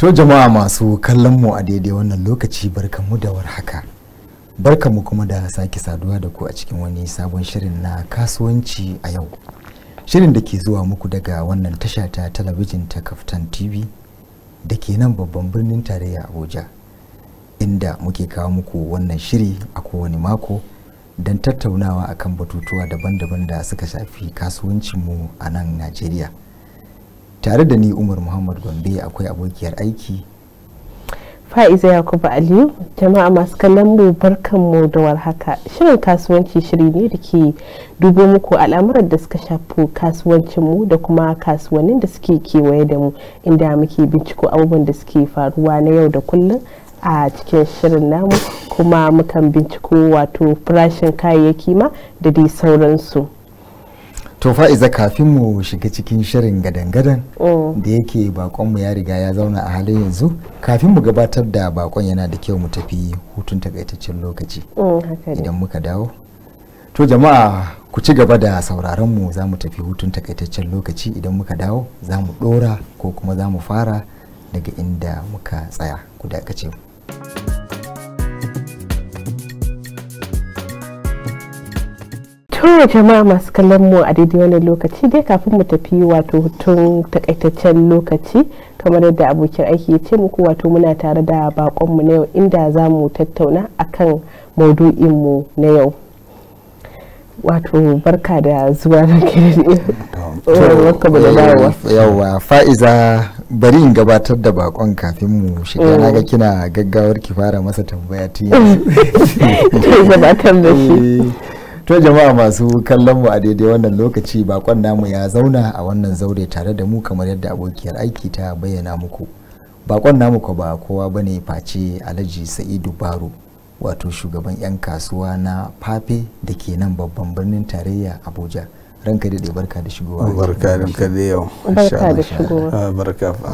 To jama'a masu kallon mu a daidai wannan lokaci barkanmu da warhaka. Barkanmu kuma da sake saduwa da ku a cikin wani sabon shirin na kasuwanci a yau. Shirin da ke zuwa muku daga wannan tasha ta talabijin ta Kaftan TV da ke nan babban birnin tarayya Abuja. Inda muke kawo muku wannan shiri a kowane mako don tattaunawa akan batutuwa daban-daban da suka shafi kasuwancinmu a nan Najeriya. tare da ni umar muhammad gombe akwai abokiyar aiki fa'iza yakubu aliyu jama'a masu kallon mu barkan mu da warhaka shirin kasuwanci shiri ne da ke dubo muku al'amuran da suka shafi mu da kuma kasuwannin da suke kewaye da mu inda muke binciko abubuwan da suke faruwa na yau da kullum a cikin shirin namu kuma mukan binciko wato farashin kayayyaki ma da dai sauransu. to fa'iza kafin mu shiga cikin shirin gadan-gadan oh. da yake bakonmu ya riga ya zauna a halin yanzu kafin mu gabatar da bakon yana da kyau mu tafi hutun takaitaccen lokaci oh, idan muka dawo to jama'a ku ci gaba da sauraron mu za mu tafi hutun takaitaccen lokaci idan muka dawo za mu dora ko kuma za mu fara daga inda muka tsaya ku dakace mu. to jama'a masu kallon mu a daidai wani lokaci dai kafin mu tafi wato tun takaitaccen lokaci kamar yadda abokin aiki ya ce muku wato muna tare da bakonmu na yau inda za mu tattauna akan mu na yau wato barka da zuwa da yauwa fa'iza bari in gabatar da bakon kafin mu shiga mm. na ga kina gaggawar ki fara masa tambaya ta gabatar da shi eh, to jama'a masu kallon mu a daidai wannan lokaci bakon namu ya zauna a wannan zaure tare da mu kamar yadda abokiyar aiki ta bayyana muku bakon namu ko ba kowa bane face alhaji sa'idu baro wato shugaban 'yan kasuwa na fafe da ke nan babban birnin tarayya abuja ranka da barka da shigowa barka ranka da yau barka da shigowa ah, barka fa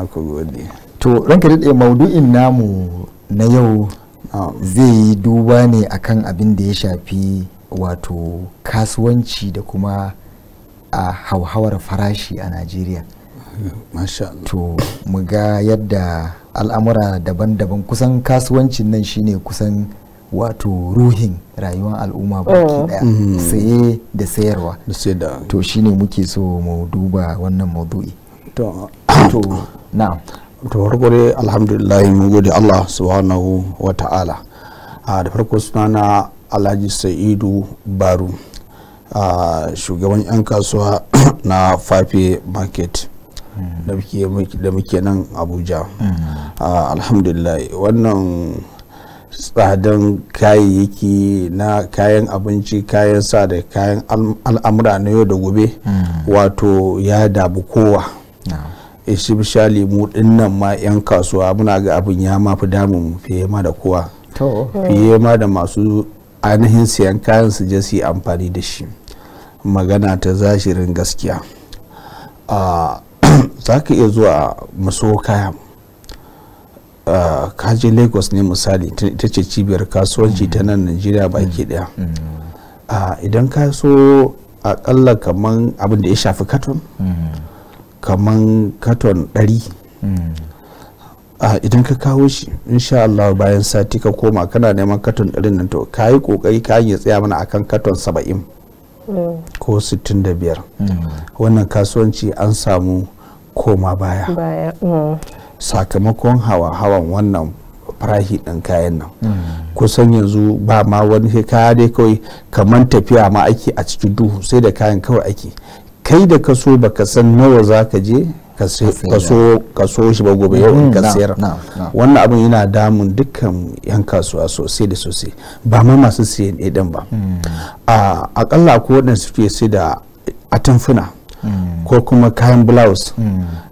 aku gode to ranka da maudu'in namu na yau ah. zai yi duba ne akan abin da ya shafi wato kasuwanci da kuma a hauhawar farashi a najeriya to mu ga yadda al'amura daban-daban kusan kasuwancin nan shine kusan wato ruhin rayuwar al'umma baki oh. daya mm. saye da sayarwa to shine muke so mu duba wannan maudu'i to na to farko dai alhamdulillah mun gode Allah subhanahu wa ta'ala da farko sunana alhaji sa'idu baru shugaban 'yan kasuwa na fafe market da muke nan abuja alhamdulillah wannan tsadan kayayyaki na kayan abinci kayan sa da kayan al'amura na yau da gobe wato ya dabu kowa bishali mu dinnan ma 'yan kasuwa muna ga abin ya mafi damun fiye ma da kowa fiye ma da masu ainihin siyan kayan su je su yi amfani da shi magana ta zashirin gaskiya za ka iya zuwa maso kaya kaji lagos ne misali ita ce cibiyar kasuwanci ta nan najeriya baki mm-hmm. daya mm-hmm. idan ka so akalla kaman abin da ya shafi katon mm-hmm. kaman katon 100 a ah, idan ka kawo shi insha Allah bayan sati ka koma kana neman katon ɗarin nan to ka yi ƙoƙari ka ya tsaya mana akan katon saba'in ko sittin da biyar hmm. wannan kasuwanci an samu koma baya hmm. sakamakon hawa-hawan wannan farahi ɗin kayan nan hmm. kusan yanzu ba ma wani kaya dai kawai kamar tafiya ma ake a cikin duhu sai da kayan kawai ake kai da kaso baka san nawa za ka je kaso shi ba gobe yau in ka mm, wannan abin yana damun dukkan yan kasuwa sosai da sosai ba ma masu siyan ɗin ba mm. a akalla ko wadanda suke sai da atamfuna mm. ko kuma kayan blouse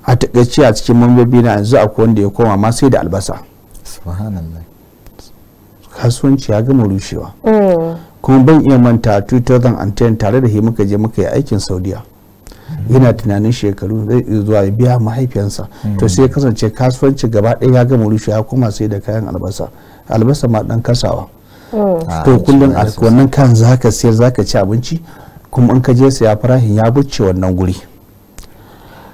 a takaice a cikin mambobi na yanzu a wanda ya koma ma sai da albasa kasuwanci ya gama rushewa oh. kuma ban iya manta 2010 tare da he muka je muka yi aikin saudiya yana tunanin shekaru zai zuwa ya biya mahaifiyansa to sai kasance kasuwanci gaba ɗaya ya gama rushe ya koma sai da kayan albasa albasa ma dan kasawa oh. to ah, kullum wannan kan zaka sayar zaka ci abinci kuma in ka je saya farahin ya bucce wannan guri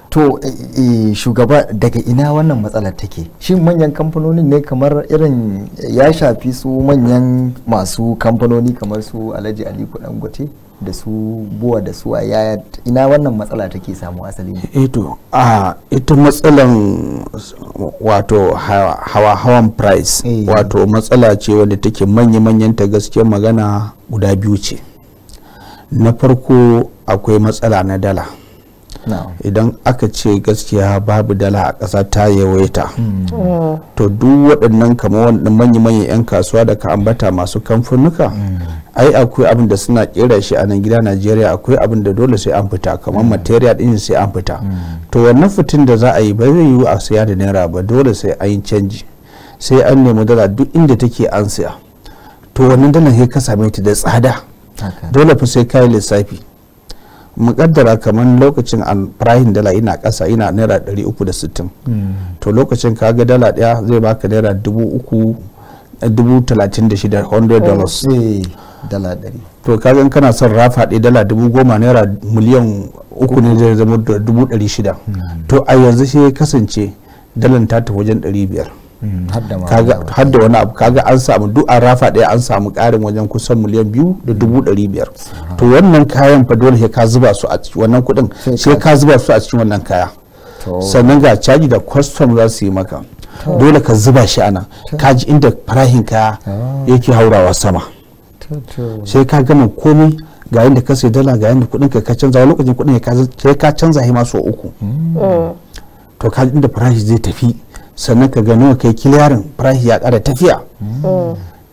to eh, eh, shugaba daga ina wannan matsalar take shin manyan kamfanonin ne kamar irin ya shafi su manyan masu kamfanoni kamar su alhaji aliko dangote da su buwa da suwa yaya ina wannan matsala take samu asali ne ito eh a ita matsalan wato hawa hawan price eh. wato matsala ce wadda take manya manyan ta gaskiyar magana guda biyu ce na farko akwai matsala na dala idan aka ce gaskiya babu dala a ƙasa ta yawaita hmm. to duk waɗannan kamar waɗannan manya-manyan 'yan kasuwa da ka ambata masu kamfanuka hmm. ai akwai abin da suna kera shi a nan gida najeriya akwai abin da dole sai an fita kamar hmm. material din sai an fita to wannan fitin da za a yi ba zai yiwu a siya da naira ba dole sai an yi canji sai an nemi dala duk inda take an siya to wannan dala sai ka same ta da tsada dole fa sai kayi lissafi mukaddara kamar lokacin firayin dala ina kasa ina naira 360 hmm. to lokacin kaga dala daya zai baka naira 36,000 dollars oh, eh, dala dari. to kagan kana son rafa ɗaya dala dubu goma naira miliyan uku ne zai zama dubu shida hmm. to a yanzu shi ya kasance dalan ta tafi wajen ɗari biyar Mm, har da wani abu kaga an samu duk an rafa ɗaya an samu ƙarin wajen kusan miliyan biyu da dubu ɗari biyar to wannan kayan fa dole ka zuba su a cikin wannan kuɗin sai ka zuba su a cikin wannan kaya sannan ga caji da kwastam za su yi maka dole ka zuba shi ana kaji inda farahin kaya yake haurawa sama sai ka gama komai ga yadda ka sai dala ga yadda kuɗin ka canza wani lokacin kuɗin ka canza shi ma sau uku mm. oh. to kaji inda farashi zai tafi sannan ka gano kai kiliyarin farashi ya kara tafiya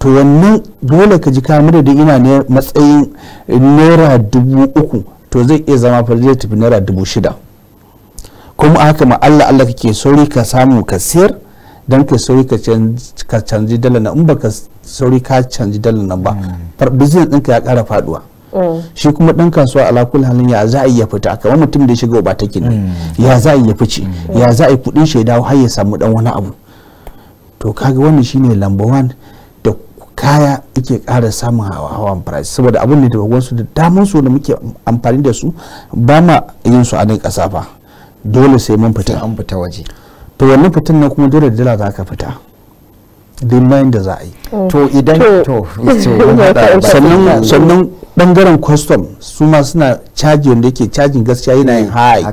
to wannan dole ka ji kamar da ina ne matsayin naira dubu uku to zai iya zama fa zai tafi naira dubu shida kuma haka ma Allah Allah kake sauri ka samu ka siyar don ka sauri ka canji dala na in ba ka sauri ka canji dala na ba hmm. business ɗinka ya kara faduwa shi kuma dan kasuwa ala kul halin ya za a iya fita kamar mutum da ya shiga ubatakin ne mm. ya za a iya fice ya za a yi mm. kudin shi har ya samu dan wani abu to kaga wannan shine number one da kaya yake kara samun hawa price saboda abun ne da su da daman su da muke amfani da su ba ma yin su a nan kasa ba dole sai mun fita an fita waje to wannan fitin na kuma dole da dala za ka fita duk da za a yi mm. to idan to sannan sannan bangaren custom su ma suna caji wanda yake cajin gaskiya yana yin mm. high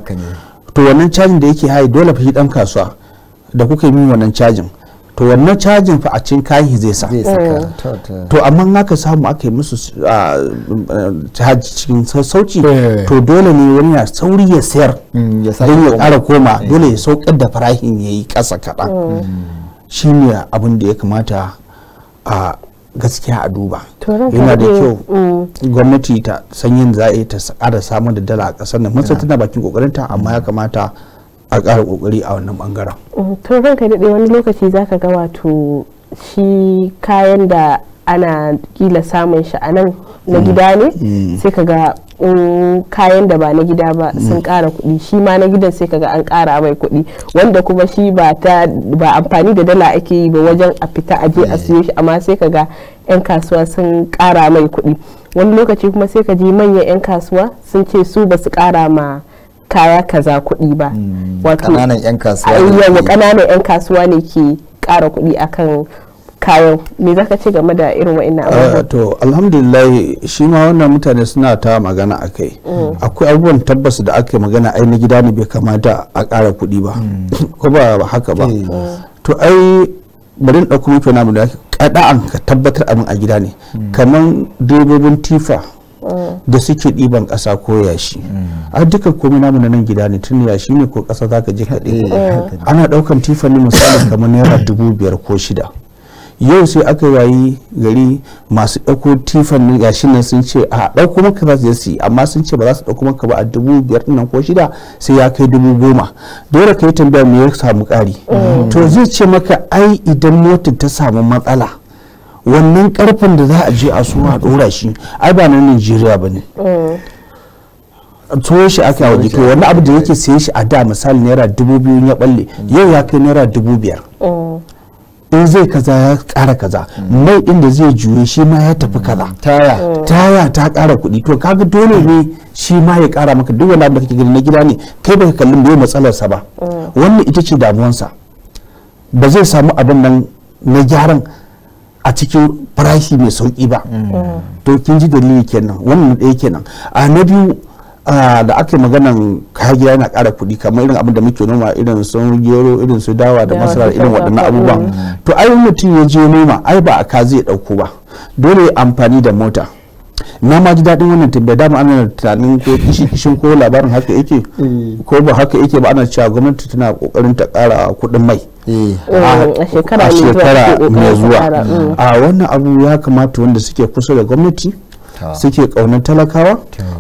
to wannan cajin da yake high dole fa shi dan kasuwa da kuka yi min wannan cajin to wannan cajin fa a cin kayan zai sa mm. to amma aka samu aka yi musu ah, caji cikin sassauci eh. to dole ne wani na sauri ya sayar don ya kara koma eh. dole ya saukar da farahin ya yi ƙasa kaɗan shi ne abin da ya kamata a gaskiya a duba yana da kyau mm. gwamnati ta sanyin za a yi ta kara samar da dala a ƙasar nan masu tana bakin ta amma ya mm. kamata a ƙara ƙoƙari a wannan bangaren. Mm, to ranka daɗe wani lokaci za ka ga wato shi kayan da ana kila samun shi a nan na mm. gida ne mm. sai kaga kayan da ba na gida ba mm. sun kara kuɗi shi ma na gidan sai kaga an kara mai kuɗi wanda kuma shi ba amfani da dala ake yi ba wajen a fita aje a siyo shi amma sai kaga 'yan kasuwa sun kara mai kuɗi wani lokaci kuma sai ka ji manyan 'yan kasuwa sun ce su ba su kara ma kaya kaza kuɗi ba wato ƙananan 'yan kasuwa ne ke kara kuɗi akan kayo me za ka ce game da irin wa'ina. Ah, abubuwa to alhamdulillah shi ma wannan mutane suna ta magana a kai mm. akwai abubuwan tabbas da aka magana ai na gida ne bai kamata a ƙara kuɗi ba mm. ko ba haka ba mm. to ai bari in ɗauko mafi namu da kaɗa'an ka tabbatar abin a gida ne kamar direbobin tifa da suke ɗiban ƙasa ko yashi a duka komai namu na nan gida ne tun yashi ne ko ƙasa za ka je ka ɗiba ana ɗaukan tifa ne musamman kamar naira dubu biyar ko shida yau sai aka yayi gari masu ɗauko tifan nan shi nan sun ce a ɗauko maka za su yi amma sun ce ba za su ɗauko maka ba a dubu biyar nan ko shida sai ya kai dubu goma dole ka yi tambaya me ya samu ƙari mm. to zai ce maka ai idan motar ta samu matsala wannan karfin da za a je a so a ɗora shi ai ba na Najeriya ba ne tuwo shi aka yawon jiki wani abu da yake siye shi a da misali naira dubu biyu ya balle yau ya kai naira dubu biyar mm. in zai kaza ya kara kaza mai inda zai juye shi ma ya tafi kaza taya taya ta kara oh. kuɗi to kaga dole ne shi ma ya kara maka duk wani abu da kake gani na gida ne kai baka kallon bai sa ba oh. wannan ita ce sa ba zai samu abin nan na gyaran a cikin farashi mai sauki ba mm. to kin ji dalili kenan wannan ɗaya kenan a na biyu Ah, da ake maganan kagiya gida yana ƙara kuɗi kamar irin abin da muke noma irin su gero irin su dawa da masara irin waɗannan abubuwan to ai mutum ya je noma ai ba a ka zai ɗauko ba dole amfani da mota na ma ji daɗin wannan tambaya dama ana tunanin ko kishi kishin ko labarin haka yake eh. ko ba haka yake ba ana cewa gwamnati tana kokarin ta ƙara kuɗin mai eh. Eh, a shekara mai zuwa mm. a wannan abu ya kamata wanda suke kusa da gwamnati suke kaunar talakawa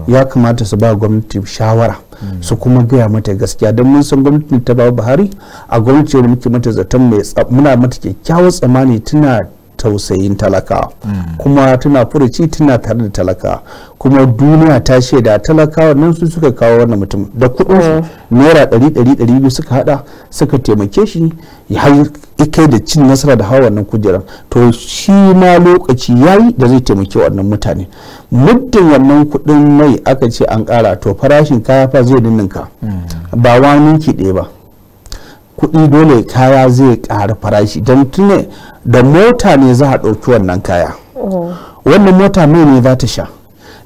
ya kamata su ba gwamnati shawara hmm. su kuma gaya mata gaskiya don mun san gwamnatin ta ba buhari a gwamnati wani muke mata zaton mai muna mata kyakkyawar tsammani tana tausayin talakawa. Hmm. kuma tana furuci tana tare da talakawa kuma duniya ta shaida talakawa nan su suka kawo wannan mutum da kudin hmm. naira ɗari ɗari biyu suka hada suka taimake shi ya ikai da cin nasara da hawa wannan kujerar to shi ma lokaci yayi da zai taimaki wannan mutane muddin wannan kuɗin mai aka ce an kara to farashin kaya fa zai ninninka ba wa ɗaya ba kuɗi dole kaya zai ƙara farashi don tune da mota ne za a ɗauki wannan kaya oh. wannan mota mai ne za ta sha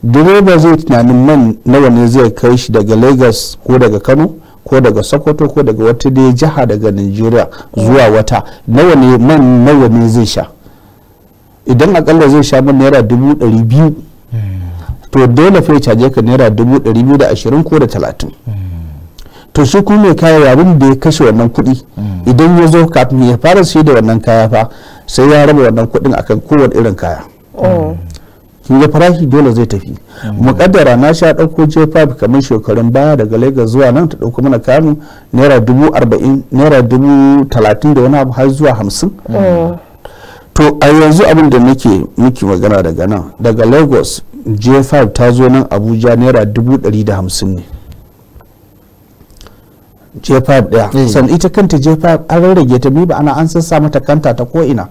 direba zai tunanin man nawa ne zai kai shi daga lagos ko daga kano ko daga sokoto ko daga wata dai jiha daga nigeria zuwa wata nawa ne man nawa ne zai sha idan akalla zai sha man naira dubu ɗari biyu to dole fa caje ka naira dubu ɗari biyu da ashirin ko da talatin to shi kuma mai kaya yawon da ya kashe wannan kuɗi idan ya zo kafin ya fara sai da wannan kaya fa sai ya raba wannan kuɗin akan kowane irin kaya oh. kin ga farashi dole zai tafi mm. mukaddara na sha ɗauko jefa 5 kamar shekarun baya daga lagos zuwa nan ta ɗauko mana kanu naira dubu arba'in naira dubu talatin da wani abu har zuwa hamsin oh. to a yanzu abin da nake miki magana daga nan daga lagos j5 ta zo nan abuja naira dubu dari da hamsin ne j5 daya eh. sannan ita kanta j5 an rarrage ta ba ana an sassa mata kanta ta ko ina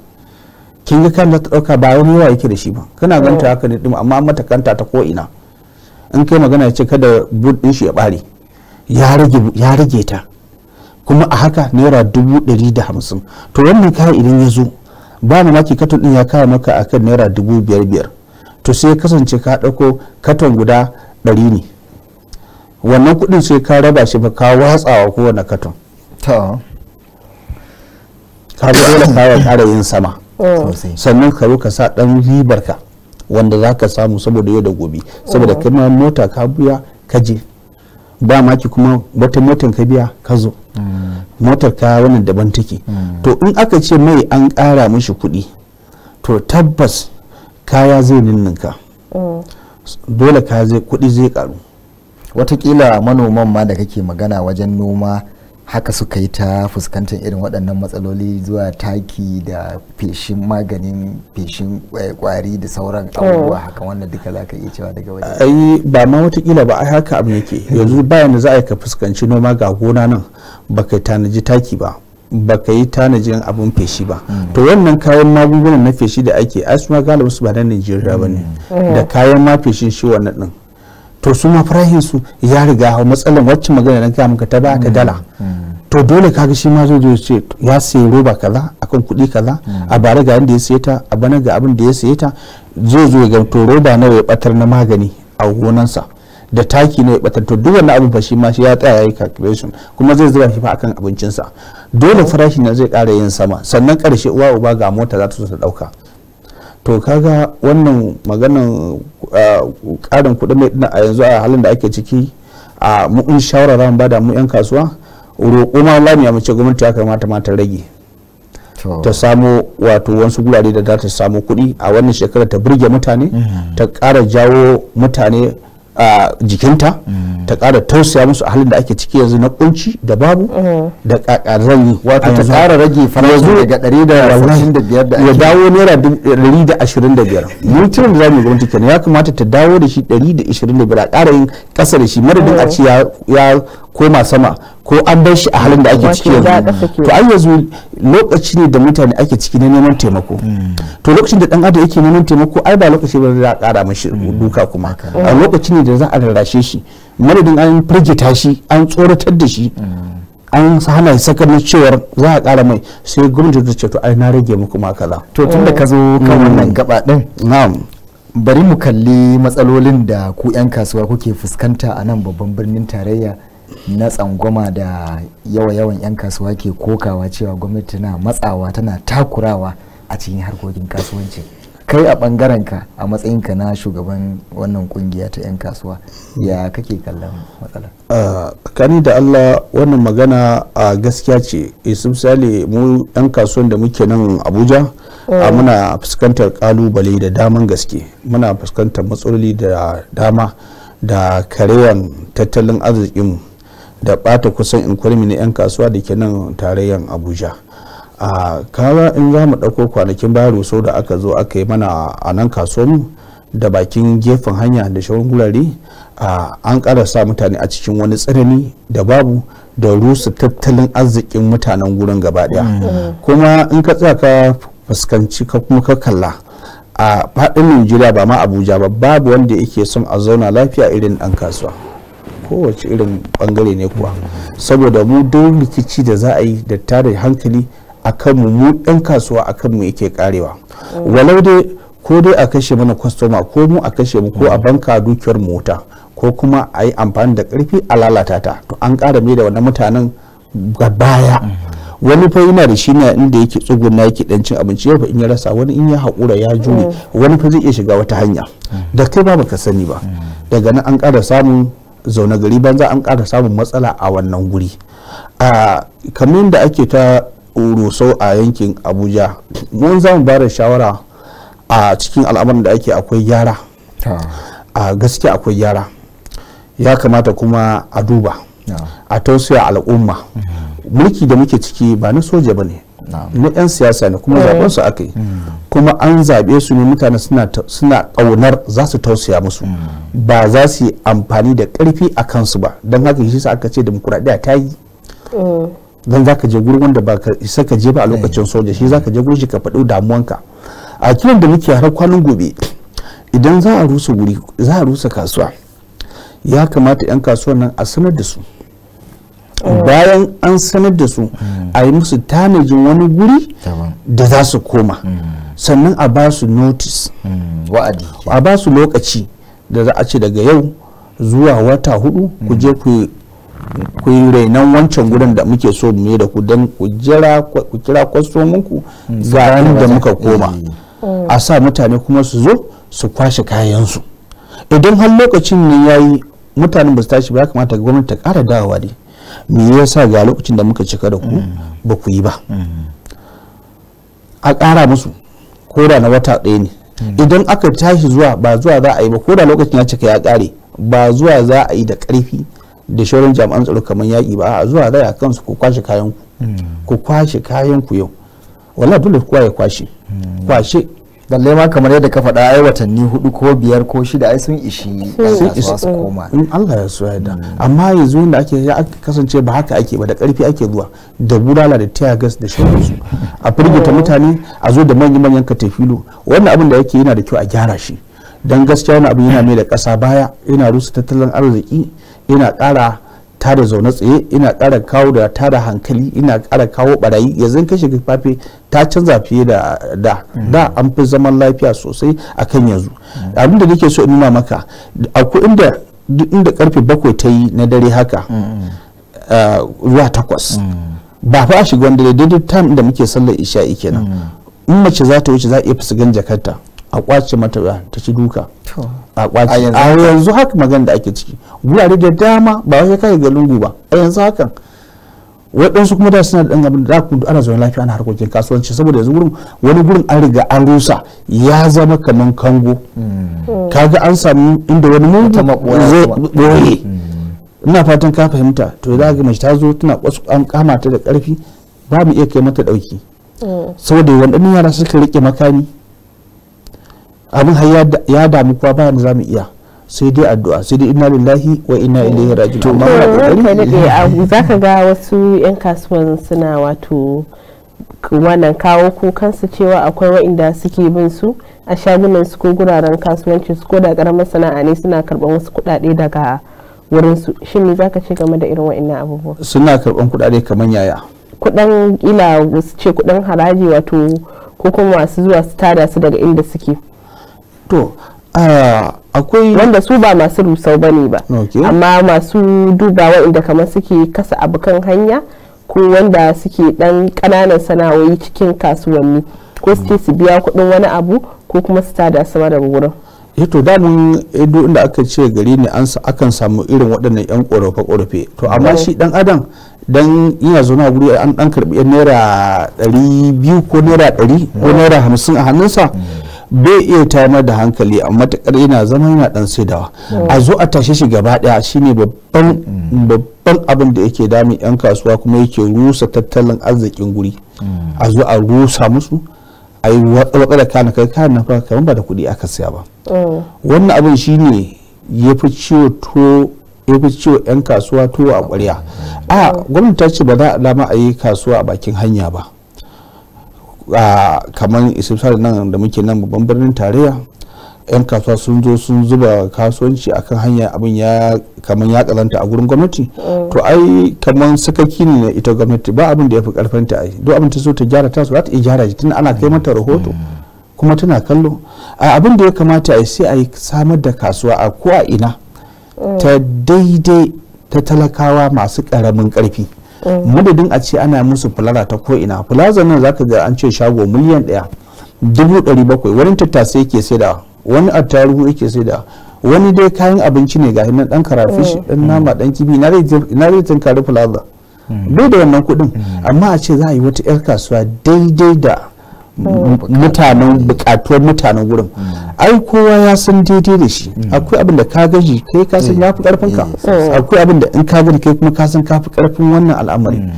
kin ga kan ta dauka ba wani yawa yake da shi ba kana oh. ganta haka ne amma mata kanta ta ko ina in kai magana ya ce kada bud din shi ya bare ya rage ta kuma a haka naira dubu ɗari da hamsin to wannan kaya idan ya zo ba mamaki katon din ya kawo maka akan naira dubu biyar biyar to sai kasance ka ɗauko katon guda ɗari ne wannan kuɗin sai ka raba shi ba ka watsawa kowane katon ka zo dole ka ƙara yin sama Oh. sannan ka zo ka sa dan ribar ka wanda za ka samu saboda yau da gobe saboda oh. kai ma mota ka buya ka je ba maki kuma wata motar ka biya ka zo mm. motar ka wannan daban take mm. to in aka ce mai an ƙara mishi kuɗi to tabbas kaya zai ninninka oh. dole kaya zai kuɗi zai ƙaru watakila manoman ma da kake magana wajen noma haka suka yi ta fuskantar irin waɗannan matsaloli zuwa taki da feshin maganin feshin kwari eh, da sauran abubuwa haka wannan duka za ka iya cewa daga waje ai ba ma watakila ba ai haka abin yake yanzu bayan da za a ka fuskanci noma ga gona nan baka tanaji taki ba baka yi tanajin abin feshi ba mm. to wannan kayan magungunan na feshi da ake asma galibu su ba na Najeriya ba ne mm. da mm. kayan ma feshin shi wannan din to su ma farahin su ya riga hau matsalar wacce magana na kama ka ta ba ta mm. dala mm. to dole kaga shi ma zai ce ya sayi roba kaza akan kuɗi kaza mm. a bara ga inda ya saye ta a bana ga abin da ya saye ta zai zo ga to roba nawa ya batar na magani a gonansa da taki ne ya batar to duk wannan abin fa shi ma shi ya tsaya yayi calculation kuma zai zuba shi fa akan abincinsa dole farashi na zai ƙara yin sama sannan ƙarshe uwa uba ga mota za ta zo ta ɗauka to kaga wannan maganan karin kuɗin mai a yanzu a halin da ake ciki a mu in shawarara ba da mu yan kasuwa roƙo ma lami ya mace gwamnati ya kamata ma ta rage ta samo wato wasu gurare da za ta samu kuɗi a wannan shekarar ta burge mutane mm. ta ƙara jawo mutane jikinta ta kara tausaya musu a halin da ake ciki yanzu na kunci da babu da kakarren yi wato ta kara rage farashin daga 165 da ya dawo naira 125 mutum eh, da zamu gwamnati kenan ya kamata ta dawo da shi 125 a kara yin kasa da shi madadin a ce ya koma sama ko an bar shi a halin da ake ciki yanzu to ai yanzu lokaci ne da mutane ake ciki na neman taimako hmm. to lokacin da dan adam yake neman taimako ai ba lokaci ba za a kara mashi hmm. duka kuma a lokaci ne da za a rarrashe shi madadin an firgita shi an tsoratar da shi hmm. an hana sakar na cewar za a kara mai sai gwamnati ta ce to ai na rage muku ma kaza to tun ka zo kan wannan gaba din na'am bari mu kalli matsalolin da ku 'yan kasuwa kuke fuskanta a nan babban birnin tarayya na tsangwama da yawa-yawan 'yan kasuwa ke kokawa cewa gwamnati na matsawa tana takurawa a cikin harkokin kasuwanci kai a bangaren ka a matsayin ka na shugaban wannan kungiya ta 'yan kasuwa ya kake kallon matsala kani da allah wannan magana a gaskiya ce isu eh, misali mu 'yan kasuwan da muke nan abuja a oh. muna fuskantar kalubale da daman gaske muna fuskantar matsaloli da dama da karewan tattalin arzikinmu da bata kusan in kurmi na 'yan kasuwa da ke nan tarayyar abuja a kawo in za mu ɗauko kwanakin baya ruso da aka zo aka yi mana a nan kasuwanmu da bakin gefen hanya da shauran gurare an ƙara sa mutane a cikin wani tsirani da babu da rusa tattalin arzikin mutanen gurin gaba daya mm. kuma in ka tsaya ka fuskanci ka kuma ka kalla a faɗin najeriya ba ma abuja ba babu wanda yake son a zauna lafiya irin ɗan kasuwa kowace irin bangare ne kuwa saboda mu don rikici da za a yi da tare hankali a mu mu ɗan kasuwa akan mu yake karewa walau dai ko dai a kashe mana kwastoma ko mu a kashe mu ko a banka dukiyar mota ko kuma a yi amfani da karfi a lalata ta to an ƙara mai da wannan mutanen ga baya wani fa yana da shi ne inda yake tsuguna yake dan cin abinci yau fa in ya rasa wani in ya haƙura ya jure mm. wani fa zai iya shiga wata hanya da kai ba baka sani ba mm. daga nan an ƙara samun zaune gari banza an ƙara samun matsala a wannan guri a kamar da ake ta rusau a yankin abuja mun zamu ba da shawara a cikin al'amarin da ake akwai gyara a gaske akwai gyara ya kamata kuma a duba a tausaya al'umma mhm. mulki da muke ciki ba na soja ba ne na yan siyasa ne kuma zaben su aka yi mm. kuma an zaɓe su ne mutane suna ƙaunar za su tausaya musu mm. ba za su yi amfani da ƙarfi a kansu ba don haka shi sa aka ce demokuraɗiyya ta yi don za ka je gurin wanda ba ka isa ka je ba a lokacin eh. soja shi za ka je gurin shi ka faɗi damuwanka a kiran da muke har kwanan gobe idan za a rusa rusa kasuwa ya kamata 'yan kasuwa nan a sanar da su bayan an sanar da su hmm. a yi musu tanajin wani guri da za su koma hmm. sannan a ba su notice hmm. a ba su lokaci da za a ce daga yau zuwa wata hudu ku je ku yi rainon wancan gudan da muke so mu yi da ku don ku kira kwastominku ga da muka koma eh. oh. a sa mutane kuma su zo su kwashe kayansu idan har lokacin ne ya yi mutanen ba su tashi ba ya kamata gwamnati ta kara dawowa ne me yasa ga lokacin da muka cika da ku mm. ba ku yi ba mm. a ƙara musu ko da na wata ɗaya ne mm. idan aka tashi zuwa ba zuwa za a yi ba ko da lokacin ya cika ya ƙare ba zuwa za a yi da ƙarfi da shauran jami'an tsaro kamar yaƙi ba a zuwa za a kansu ku kwashe kayan ku ku kwashe kayan ku yau wallahi dole kowa ya kwashe kwashe balle ma kamar yadda ka faɗa ai watanni hudu ko biyar ko shida ai sun ishi sun ishi su koma in Allah ya so yadda mm. amma yanzu wanda ake ya kasance ba haka ake ba da karfi ake zuwa da bulala da tear gas da su a firgita mm. mutane a zo da manyan manyan katafilu wannan abin da yake yana da kyau a gyara shi dan gaskiya wani abu yana mai da ƙasa baya yana rusa tattalin arziki yana kara. tada zaune tsaye ina kara kawo da tada hankali ina kara kawo barayi yanzu ka shiga fafe ta canza fiye da da da an fi zaman lafiya sosai akan yanzu abin da nake so in nuna maka akwai inda inda karfe bakwai ta yi na dare haka mm. ah, zuwa takwas mm. ba fa a shiga wanda daidai time inda muke sallar isha'i kenan mm. in mace za ta wuce za a iya fusigan jakarta a kwace mata ta ci duka a a yanzu haka magana da ake ciki wurare da dama ba wai kai ga lungu ba a yanzu haka waɗansu kuma da suna da abin da ku ana zaune lafiya ana harkokin kasuwanci saboda yanzu wurin wani gurin an riga an rusa ya zama kaman kango hmm. oh. kaga an samu inda wani mugu zai ɓoye hmm. ina fatan ka fahimta to za ga mace ta zo tana wasu an kama ta da ƙarfi ba mu iya kai mata ɗauki oh. saboda waɗannan yara suka riƙe makami abin har ya damu kuwa bayan za mu iya sai dai addu'a sai dai ina lillahi wa inna ilaihi raji to ma amma ka nade abu ka ga wasu yan kasuwan suna wato wannan kawo kukansu cewa akwai wa'inda suke bin su a shagunan su ko guraren kasuwanci su ko da karamar sana'a ne suna karɓar wasu kuɗaɗe daga wurin su shin me ka ce game da irin wa'annan abubuwa suna karɓar kuɗaɗe kamar yaya kuɗan ila wasu ce kuɗin haraji wato ko kuma masu zuwa su tada su daga inda suke to akwai wanda su ba masu rusau ne ba amma masu dubawa inda kamar suke kasa abu kan hanya ko wanda suke dan kananan sana'o'i cikin kasuwanni ko suke su biya kuɗin wani abu ko kuma su tada sama eh da wurin to daman ido inda aka ce gari ne akan samu irin waɗannan 'yan ƙorafe-ƙorafe to amma shi dan adam dan ina zo na guri an dan karbi naira ɗari ko naira ɗari ko naira hamsin a hannunsa mm. bai iya tayar da hankali a matakar yana zama yana dan saidawa mm. a zo a tashe shi gaba daya shine babban mm. babban abin da yake dami yan kasuwa kuma yake rusa tattalin arzikin guri mm. a zo a rusa musu a yi watsa da kana kai kana fa kamar ba da kuɗi aka siya ba wannan abin shine ya fi ciwo to ya ciwo 'yan kasuwa tuwo a ƙwarya a gwamnati ta ce ba za a dama a yi kasuwa a bakin hanya ba a kamar isufsar nan da muke nan babban birnin tarayya yan kasuwa sun zo sun zuba kasuwanci akan hanya abin ya kamar ya kalanta a gurin gwamnati mm. to ai kamar sakaki ne na ita gwamnati ba abin da ya fi karfanta ai duk abin ta so ta gyara ta za ta iya gyara tun ana kai mata rahoto mm. kuma tana kallo a abin da ya kamata a sai a yi samar da kasuwa a ko a ina mm. ta daidai ta talakawa masu karamin karfi Oh. madadin a ce ana musu fulara ta ko ina plaza nan zaka ga an ce shago miliyan ɗaya dubu ɗari bakwai wani tattasai yake saida wani attaruhu yake saida wani dai kayan abinci ne ga nan dan karafish dan oh. nama dan kibi na zai tunkari fulaza. Hmm. bai da wannan kuɗin hmm. amma a ce za a yi wata 'yar kasuwa daidai da mutanen bukatuwar mutanen wurin ai kowa ya san daidai da shi mm. akwai abin da ka gaji kai ka san ya fi karfin ka mm. akwai abin da in ka gani kai kuma ka san ka fi karfin wannan al'amari mm.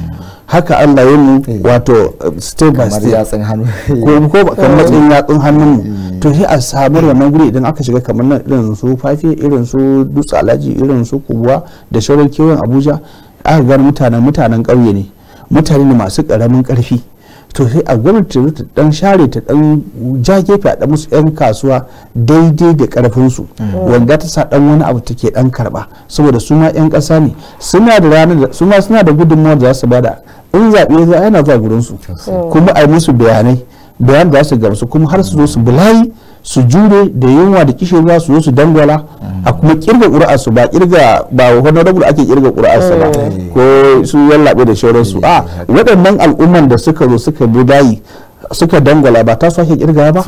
haka Allah ya mu wato step by step yatsun hannu ko ko kan matsayin yatsun hannun mu to sai a samu wannan guri idan aka shiga kamar nan irin su fafe irin su dutse alaji irin su kubuwa da shauran kewayen Abuja aka ga mutanen mutanen ƙauye ne mutane ne masu ƙaramin ƙarfi to sai a gwamnati ta dan share ta dan ja gefe a dan musu yan kasuwa daidai da karfin su mm. wanda ta sa dan wani abu take dan karba saboda su ma yan kasa ne suna da ranar su ma suna da gudunmawa da za su bada in zaɓe yana zuwa gurin su kuma a yi musu bayanai bayan da za su gamsu kuma har su zo su bulayi su jure da yunwa da kishin ruwa su zo su dangwala a kuma kirga su ba kirga ba honorable ake kirga su ba eh. ko su yallaɓe da shauransu eh, ah, a waɗannan al'umman da suka zo suka bi bayi suka dangwala ba ta sake kirga ba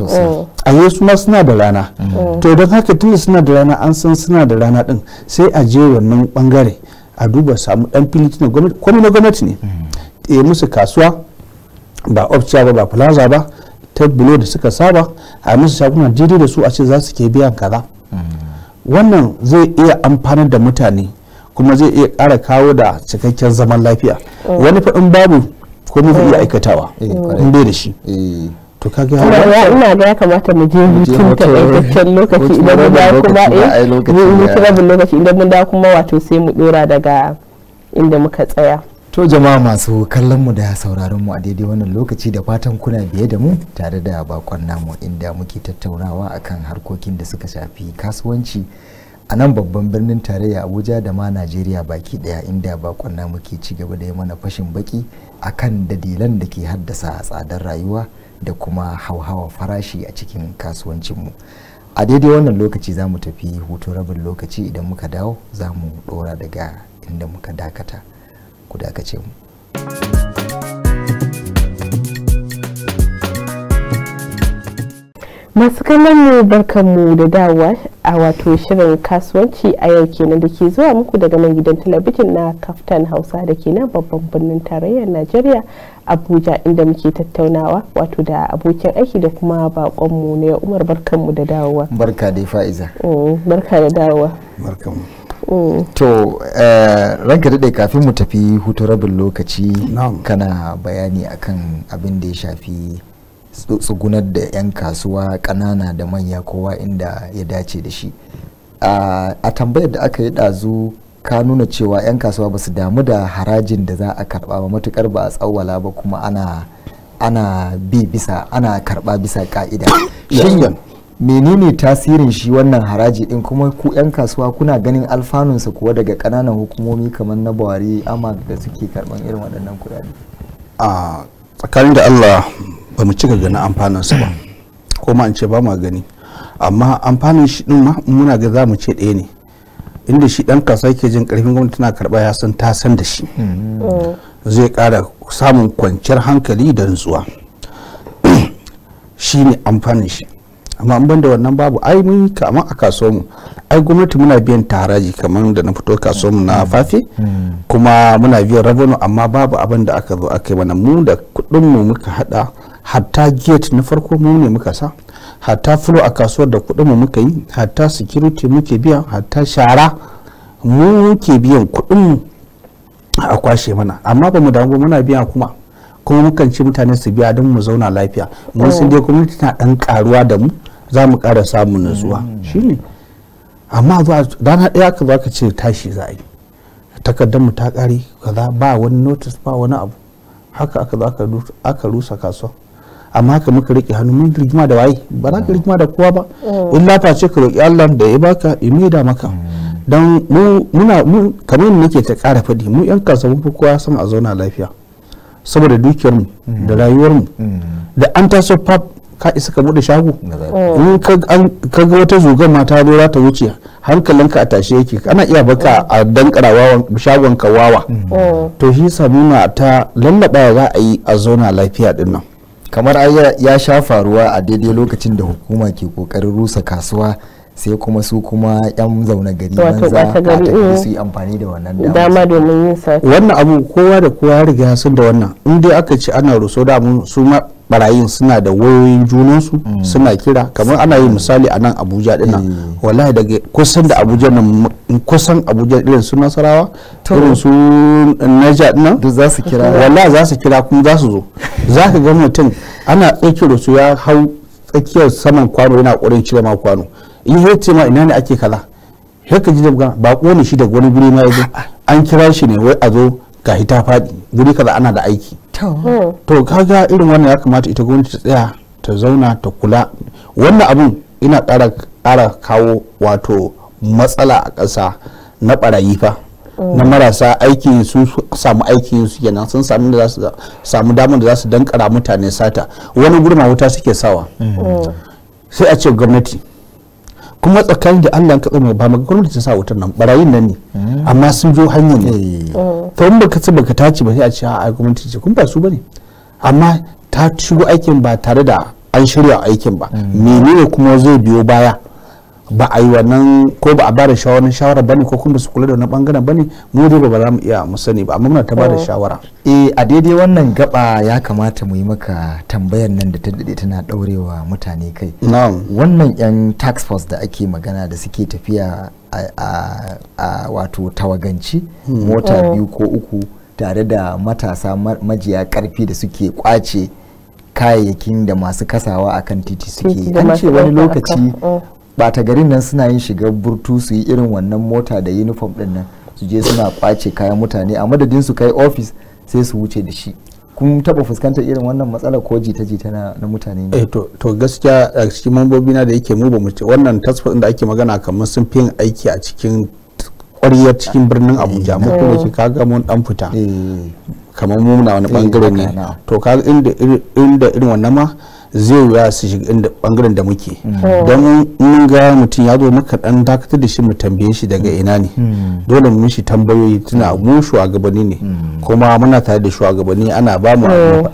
a yi suna suna da rana mm. eh. to don haka tunda suna da rana an san suna da rana din sai a je wannan bangare a duba samu dan fili na gwamnati ne ya mm. musu kasuwa ba ofciya ba ba plaza ba ta bulo da suka saba a musu shaguna daidai da su a ce za su ke biyan kaza wannan zai iya amfanar da mutane kuma zai iya ƙara kawo da cikakken zaman lafiya eh. wani faɗin babu ko mafi iya eh. aikatawa eh, in bai da shi to kaga ya ina ga ya kamata mu je hutun lokaci idan mun dawo kuma eh mu rabin lokaci idan mun dawo kuma wato sai mu dora daga inda muka tsaya To jama'a masu kallon mu da sauraron mu a daidai wannan lokaci da fatan kuna biye da mu tare da bakon namu inda muke tattaunawa akan harkokin da suka shafi kasuwanci a nan babban birnin tarayya Abuja da ma Najeriya baki daya inda bakon namu ke ci gaba da yi mana fashin baki kan dalilan da ke haddasa tsadar rayuwa da kuma hauhawa farashi a cikin kasuwancin mu. A daidai wannan lokaci za mu tafi hutu rabin lokaci idan muka dawo za mu dora daga inda muka dakata. ku dakace mu masu kallon mu barkanmu da dawowa a wato shirin kasuwanci a yau kenan da ke zuwa muku daga nan gidan talabijin na kaftan hausa da ke nan babban birnin tarayyar najeriya abuja inda muke tattaunawa wato da abokin aiki da kuma bakonmu na umar barkanmu da dawowa barka dai fa'iza mm, barka da dawowa mu Oh. to eh, ranka daɗe kafin mu tafi hutu rabin lokaci kana bayani akan abin da ya shafi tsugunar da 'yan kasuwa ƙanana da manya kowa inda ya dace da shi ah, a tambayar da aka yi ɗazu ka nuna cewa 'yan kasuwa ba su damu da harajin da za a karba ba matukar ba a tsawala ba kuma ana ana bi bisa ana karba bisa ka'ida shin menene tasirin shi wannan haraji din kuma ku 'yan kasuwa kuna ganin alfanunsa kuwa daga kananan hukumomi kamar na bawari ama da suke karban irin waɗannan kuɗaɗe a tsakanin da allah ba mu cika ganin amfaninsa ba ko ma in ce ba ma gani amma amfanin shi din ma muna ga za mu ce ɗaya ne inda shi dan kasuwa yake jin karfin gwamnati tana karɓa ya san ta san da shi hmm. oh. zai ƙara samun kwanciyar hankali da nutsuwa shi ne amfanin shi amma an banda wannan babu ai mun kamar a kasuwar mu ai gwamnati muna biyan taraji kamar da na fito kasuwar mu na mm. fafe mm. kuma muna biyan rabonu amma babu abin da aka zo aka yi mana mu da kuɗin mu muka hada hatta gate na farko mu ne muka sa hatta flow a kasuwar da kuɗin mu muka yi hatta security muke biya hatta shara mu muke biyan kuɗin mu a kwashe mana amma ba mu damu muna biya kuma kuma mukan ci mutane su biya don mu zauna lafiya mun sun dai gwamnati na dan karuwa da mu za mu kara samun nutsuwa shine amma zuwa rana daya ka za ka ce tashi za a yi takardar mu ta kare kaza ba wani notice ba wani abu haka aka zo aka rusa kasuwa amma haka muka riƙe hannu mun rigima da waye ba za ka rigima da kowa ba mm. in lafa ce ka roki Allah da ya baka ime da maka mm. don muna kamar yadda nake ta kara faɗi mu 'yan kasuwa mun fi kowa san a zauna lafiya saboda dukiyarmu da rayuwarmu mm. da an taso pap ka isa ka bude shago oh. in ka ga wata zugan mata zo za ta wuce hankalinka a tashe yake ana iya baka a dankara shagon ka wawa mm. oh. to shi samuna ta lallaba za a yi a zauna lafiya din nan kamar ya sha faruwa a daidai lokacin da hukuma ke kokarin rusa kasuwa sai kuma su kuma yan zaune gari banza eh. su yi amfani da wannan dama domin yin sa wannan abu kowa da kowa ya riga sun da wannan in dai aka ce ana ruso da mu su ma barayin suna da wayoyin junansu mm. suna kira kamar ana yi misali a nan abuja dina eh. wallahi daga kusan da abuja nan kusan abuja irin su nasarawa irin su naija dina duk za su kira wallahi za su kira kuma za su zo za ka ga mutum ana tsakiyar su ya hau tsakiyar saman kwano yana ƙorin cire ma kwano in zai ce ma ina ne ake kaza sai ka ji da ba kone shi daga wani guri ma yazo an kira shi ne wai a zo ga hita faɗi guri kaza ana da aiki to kaga irin wannan ya kamata ita gwamnati ta tsaya ta zauna ta kula wannan abun ina ƙara kawo wato matsala a ƙasa na barayi fa na marasa aiki su samu aikin su kenan sun samu da zasu samu damar da za su dankara mutane sata wani gurma wuta suke sawa mm. sai a ce gwamnati kuma tsakanin da Allah ka tsoma ba maka gwamnati sa wutar nan barayin nan ne amma sun zo hanyar ne eh. to in baka ce baka tace ba sai a ce a gwamnati ce kun ba su bane amma ta shigo aikin ba tare da an shirya aikin ba mm. menene kuma zai biyo baya ba a yi wannan ko ba a ba da shawarar shawara bane ko kuma su kula da wani bangaren bane mu dai ba za mu iya mu sani ba amma muna ta ba da oh. shawara eh a daidai wannan gaba ya kamata mu yi maka tambayar nan da ta dade tana daurewa mutane kai wannan yan tax force da ake magana da suke tafiya a wato tawaganci hmm. mota oh. biyu ko uku tare da matasa majiya karfi da suke kwace kayayyakin da masu kasawa akan titi suke an ce wani lokaci oh. bata garin nan suna yin shiga burtu su yi irin wannan mota da uniform din nan su je suna kwace kayan mutane a madadin su kai office sai su wuce da shi kun taba fuskantar irin wannan matsala ko jita jita na mutane ne eh, to to gaskiya a cikin mambobi na da yake mu ba mu ce wannan tasfin da ake magana kamar sun fi yin aiki a cikin kwariyar cikin birnin eh. abuja mu kuma ke kaga mun dan fita eh. kamar mu na wani bangare ne to kaga inda inda irin wannan ma zai wuya su shiga inda bangaren da muke hmm. oh. don mun ga mutum ya zo maka dan dakatar da shi mu tambaye shi daga ina ne hmm. dole mun shi tambayoyi tana hmm. mu shugabanni ne kuma muna tare da shugabanni ana ba mu oh.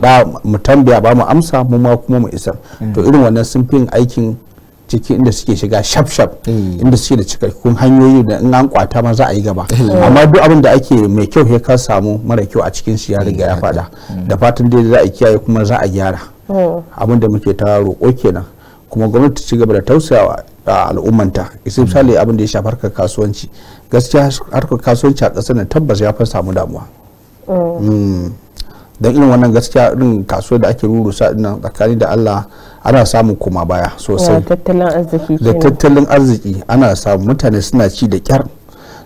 mu tambaya ba mu amsa mu ma kuma mu isar to irin wannan sun fi aikin ciki inda suke shiga shaf shaf eh. inda suke da cikakkun hanyoyi da in an kwata ma za a yi gaba eh. amma duk abin da ake mai kyau ya ka samu mara kyau a cikin shi ya riga ya eh, fada da fatan dai za a kiyaye kuma za a gyara Oh. abin da muke ta roƙo kenan kuma gwamnati ci gaba da tausayawa a al'ummanta misali abin da ya shafi harkar kasuwanci gaskiya harkar kasuwanci a ƙasar nan tabbas ya fa samu damuwa oh. hmm. don irin wannan gaskiya irin kasuwa da ake rurusa dinnan tsakani da Allah ana samun koma baya sosai oh, da tattalin arziki ana samu mutane suna ci da kyar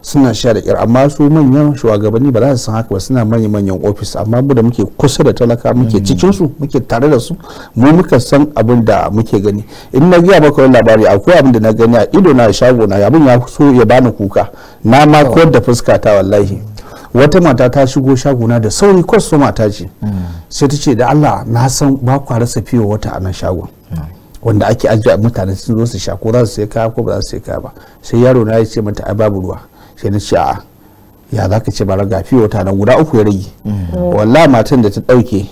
suna sha da kyar amma su manyan shugabanni ba za su san haka ba suna manyan manyan ofis amma mu da muke kusa da talaka muke mm. cikin su muke tare da su mu muka san abin da muke gani in na giya maka labari akwai abin da na gani a ido na shago na abin ya so ya bani kuka na ma oh. koyar da fuska ta wallahi wata mata ta shigo shagona da sauri kwas kwasto mata ce mm. sai ta ce da Allah na san ba ku rasa fiye wata a nan shagon mm. wanda ake ajiye mutane sun zo su sha ko za su sai kaya ko ba za su sai kaya ba sai yaro na ya ce mata ai babu ruwa sai na ce a ya za ka ce bara ga fiye wata nan guda uku ya rage wallah matan da ta dauke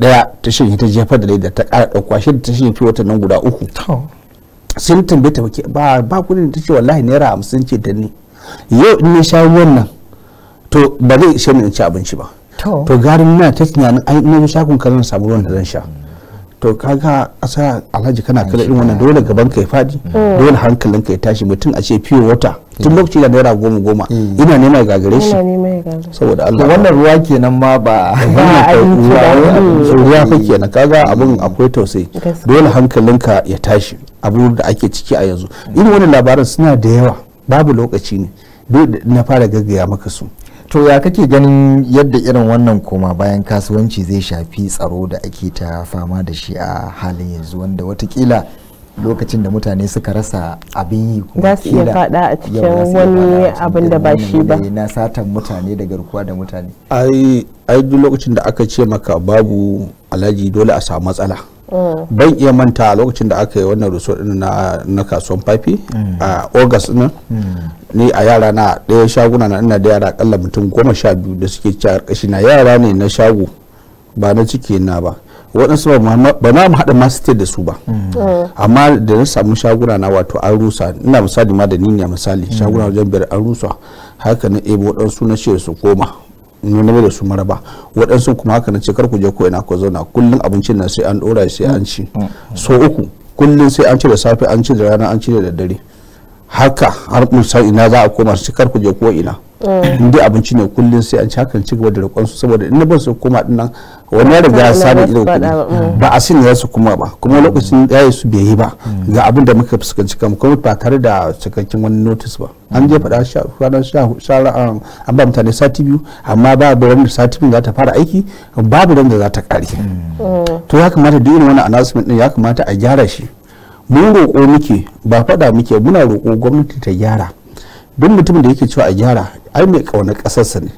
ɗaya ta shirya ta jefar da laida ta ƙara ɗauka shi ta shirya fiye wata nan guda uku sai na tambaye ta ba ba kudin ta ce wallahi naira hamsin ce da ni yau in ya sha wannan to ba zai ishe in ci abinci ba to garin na ta tunanin ai na sha kun karin ruwan da zan sha to kaga sa alhaji kana kala irin wannan dole gaban ka ya fadi mm. dole hankalin ka ya tashi mutum a ce fiye wata tun mm. lokacin da naira goma goma mm. ina nema ga gagare shi saboda Allah wannan ruwa kenan ma ba ruwa ka kenan kaga abun akwai tausayi dole hankalin ka ya tashi abu da ake ciki a yanzu irin wannan labarin suna da yawa babu lokaci ne na fara gaggaya maka su to ya kake ganin yadda irin wannan koma bayan kasuwanci zai shafi tsaro da ake ta fama da shi a halin yanzu wanda watakila lokacin da mutane suka rasa abin yi kuma kila ya fada a cikin wani abin da ba shi ba na satan mutane da garkuwa da mutane ai duk lokacin da aka ce maka babu alaji dole a samu matsala ban iya manta lokacin da aka yi wannan ruso din na na kasuwan fafi mm. a august din mm. ni a yara na ɗaya shaguna na ina da yara akalla mutum goma sha biyu da suke ci na yara ne na shago ba na ciki na ba waɗansu ba na haɗa masu da su ba mm. amma da na samu shaguna na wato an rusa ina misali ma da ni ne misali shaguna wajen biyar an rusa haka na ebo waɗansu na ce su koma na da su maraba waɗansu kuma haka na ce kar ku je ko ina ko zauna kullum abincin nan sai an ɗora sai an ci mm, mm, mm. so uku kullum sai an ci da safe an ci da rana an ci da daddare haka har musa ina za a koma su kar ku je ko ina in abinci ne kullum sai an ci hakan ci gaba da roƙon su saboda in ban su koma din nan wani ya riga samun ido mm. ba a sin su kuma ba kuma mm. lokacin da su bai yi ba mm. ga abin da muka fuskanci kan kuma ba tare da cikakken wani notice ba an je faɗa ranar shara um, an ba mutane sati biyu amma ba da wanda sati biyu za ta fara aiki babu da za ta kare to ya kamata duk wani announcement din ya kamata a gyara shi mun roƙo muke ba faɗa muke muna roƙo gwamnati ta gyara duk mutumin da yake cewa a gyara ai mai ƙaunar ƙasarsa ne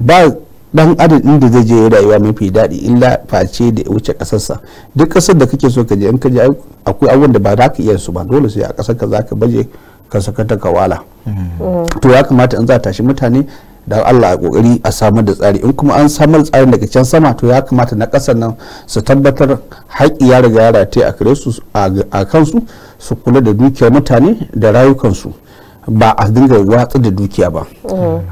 ba dan adadin da zai je rayuwa mafi daɗi illa face da wuce kasarsa duk ƙasar da kake so ka je in ka je akwai abubuwan da ba za ka iya su ba dole sai a ƙasar ka za ka baje ka saka ta kawala mm. to ya kamata in za a tashi mutane da Allah a kokari a samar da tsari in kuma an samar tsarin daga can sama to ya kamata na ƙasar nan su tabbatar haƙƙi ya riga ya rataye a kansu su kula da dukiyar mutane da rayukansu. su ba a dinga watsa da dukiya ba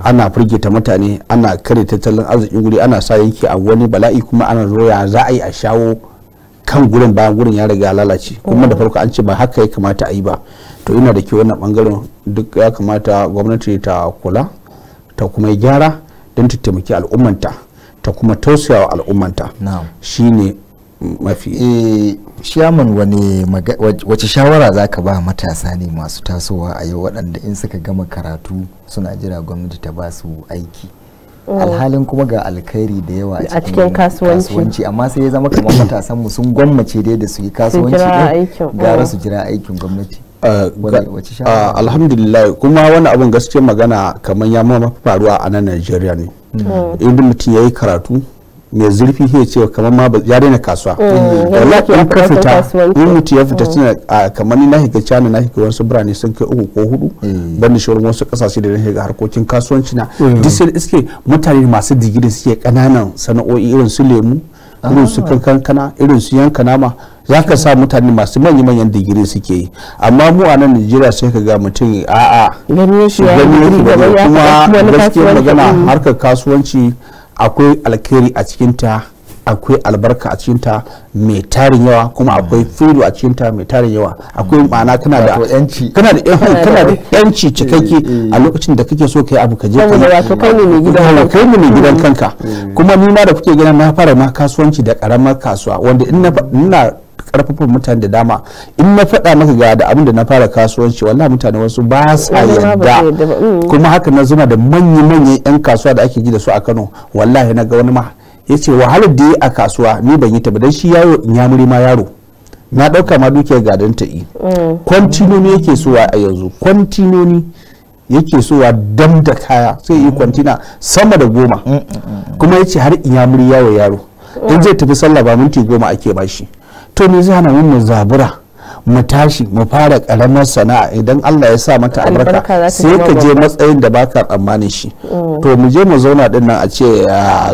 ana firgita mutane ana kare tattalin arzikin guri ana sa yanki a wani bala'i kuma ana zoya za a yi a shawo kan gurin bayan gurin ya riga lalace kuma da farko an ce ba haka ya kamata a yi ba to ina da ke wannan bangaren duk ya kamata gwamnati ta kula ta kuma gyara don ta taimaki al'ummanta ta kuma tausayawa al'ummanta shine mafi shaman eh, wani wace shawara za ka ba matasa ne masu tasowa a yau waɗanda in suka gama karatu suna jira gwamnati ta ba su aiki oh. alhalin kuma ga alkhairi da yawa a cikin kasuwanci amma sai ya zama kamar matasan mu sun gwammace dai da su yi kasuwanci oh. gara su jira aikin gwamnati ah, ah, alhamdulillah kuma wani abun gaskiya magana kamar ya ma faruwa a nan najeriya ne hmm. idan mutum ya yi karatu mai zurfi ke cewa kamar ma ya daina kasuwa wallahi oh, mm. in ka fita in mutu ya fita oh. tana kamar ni na higa China na higa wasu birane sun kai uku ko hudu mm. ban da shawarar wasu kasashe da na higa harkokin kasuwanci na mm. duk iske mutane masu digiri suke kananan sana'o'i irin su lemu irin su ah. kankana irin su yanka nama za ka sa mutane masu manya-manyan digiri suke yi amma mu a nan Najeriya sai ka ga mutum a'a gani shi ya kuma gaskiyar magana harkar kasuwanci akwai alkhairi a cikinta akwai albarka a cikinta mai tarin yawa kuma akwai fulu a cikinta mai tarin yawa akwai mm. ma'ana kana da yanci kana da kana da yanci cikakke mm, mm. a lokacin da kake so kai abu ka je kai ne gidan kai ne mai gidan kanka kuma ni ma da kuke gina na fara ma kasuwanci da karamar kasuwa wanda ina karfafa mutane da dama in na faɗa maka ga da abin da na fara kasuwanci wallahi mutane wasu ba sa yadda mm. kuma haka na zuma da manya-manyan 'yan kasuwa da ake ji da su a Kano wallahi na ga wani ma yace wahalar da yi a kasuwa ni ban yi ta ba dan shi yaro in ya muri ma yaro na ɗauka ma dukiyar gadon ta yi mm. kwantinoni yake suwa a yanzu kwantinoni yake suwa dam da kaya sai yi kwantina sama da goma mm, kuma yace har in ya muri yawo yaro in zai tafi sallah ba minti goma ake bashi to me zai hana mu zabura mu tashi mu fara karamar sana'a idan Allah ya sa mata albarka sai ka je matsayin da baka tsammanin shi to mu je mu zauna din nan a ce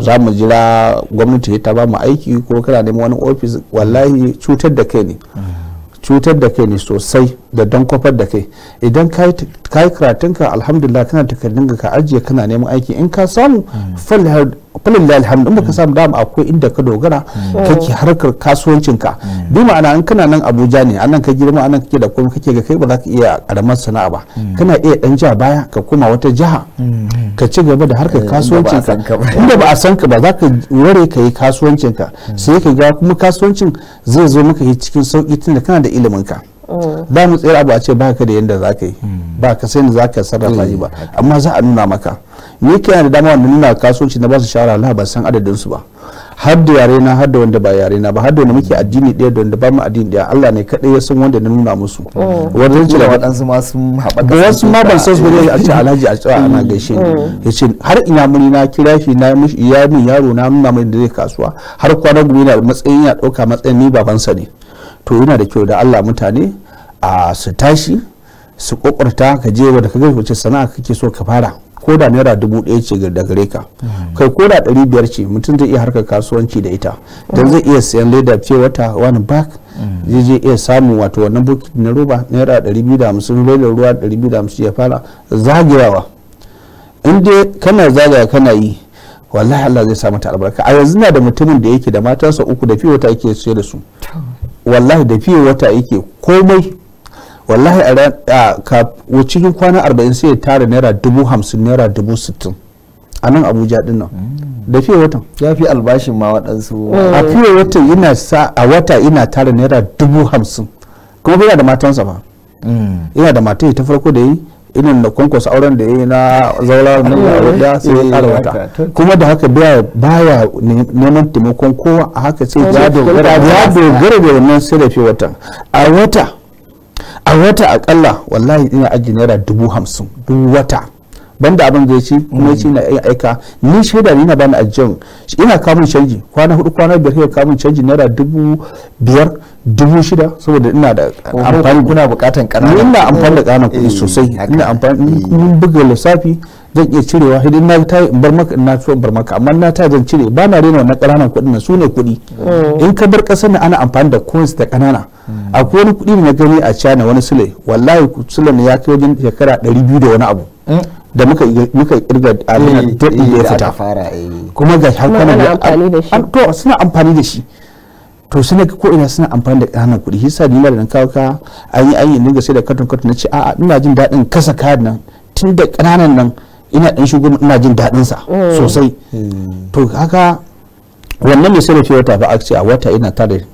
za mu jira gwamnati ta ba mu aiki ko kana neman wani ofis wallahi cutar da kai ne cutar da kai ne sosai da don kwafar da kai idan ka karatunka alhamdulillah kana takardun ka ajiye kana neman aiki in ka samu fal falillah alhamdu inda ka mm. samu dama akwai inda ka dogara mm. kake harkar ka mm. bi ma'ana an kana nan abuja ne anan ka girma anan kake da komai kake ga kai ba za ka iya karamar sana'a ba kana iya dan ja baya ka koma wata jiha ka ci gaba da harkar eh, kasuwancinka inda ba a san ka ba za ka ware ka yi kasuwancinka sai ka ga kuma kasuwancin zai zo maka cikin sauki tunda kana da ilimin ka za mu tsira abu a ce ba ka da yadda za ka yi ba ka sai da za ka sarrafa yi ba eh, amma za a nuna maka yake yana da dama wanda nuna kasuwanci na ba su shawara Allah ba san adadin su ba har da yare na har da wanda ba yare na ba har da wanda muke addini ɗaya da wanda ba mu addini ɗaya Allah ne kadai ya san wanda na nuna musu oh. wanda zan ce da waɗansu ma sun haɓaka wasu ma ban san su ne a ce alhaji a tsaya ana gaishe ni oh. ya ce har ina muni na kira shi na mishi iya min yaro na nuna mai da zai kasuwa har kwana gobe na matsayin ya ɗauka matsayin ni baban sa ne to yana da kyau da Allah mutane a su tashi su kokarta ka je wanda ka ga ce sana'a kake so ka fara ko da naira dubu ɗaya ce da gare ka hmm. kai ko da ɗari biyar ce mutum zai iya harka kasuwanci da ita don zai iya sayan leda fiye wata wani bak hmm. zai je iya samun wato wannan buki na roba naira ɗari biyu da hamsin lolin ruwa ɗari biyu da hamsin ya fara zagirawa. in dai kana zagaya kana yi wallahi Allah zai samu ta albarka a yanzu na da mutumin da yake da matarsa uku da fiye wata yake sayar da su wallahi da fiye wata yake komai wallahi a cikin kwana arba'in sai ya tara naira dubu hamsin naira dubu sittin a nan abuja din nan mm. da fiye watan ya fi albashin ma waɗansu oh. a fiye watan ina sa a wata ina tara naira dubu hamsin kuma bai da matansa ba mm. ina da matan ta farko da yi ina da kwankwasa auren da ya yi na zaura na wadda sai ya kara eh, wata kuma da haka baya baya neman taimakon kowa a haka sai oh, ya dogara da wannan fiye watan a wata a wata akalla wallahi ina aji naira dubu hamsin duk wata banda abin da ya ci kuma ci na aika ni shaida ne na bani ajiyan ina kamun canji kwana hudu kwana biyar kai kamun canji naira dubu biyar dubu shida saboda ina da amfani kuna bukatan kanana ina amfani da kanana kuɗi eh, sosai ina amfani eh. buga lissafi zan iya cirewa sai na ta in bar maka na fi in bar maka amma na ta zan cire ba na rena wannan ƙananan kuɗin nan sune kuɗi oh. in ka bar ƙasar na ana amfani da coins da ƙanana hmm. akwai wani kuɗi na gani a China wani sule wallahi sule ne ya kai wajen shekara 200 da wani abu hmm. da muka muka kirga eh, abin da ya eh, fita eh. kuma ga an to suna amfani da shi to suna ko ina suna amfani da ƙananan kuɗi hisa ni da nan kawo ka an yi an yi dinga sai da katon katon na ce a'a ina jin daɗin kasa kayan nan tun da ƙananan nan ina dan shugaban ina jin daɗin sa mm. sosai to haka wannan mai sarrafi wata ba a wata ina tare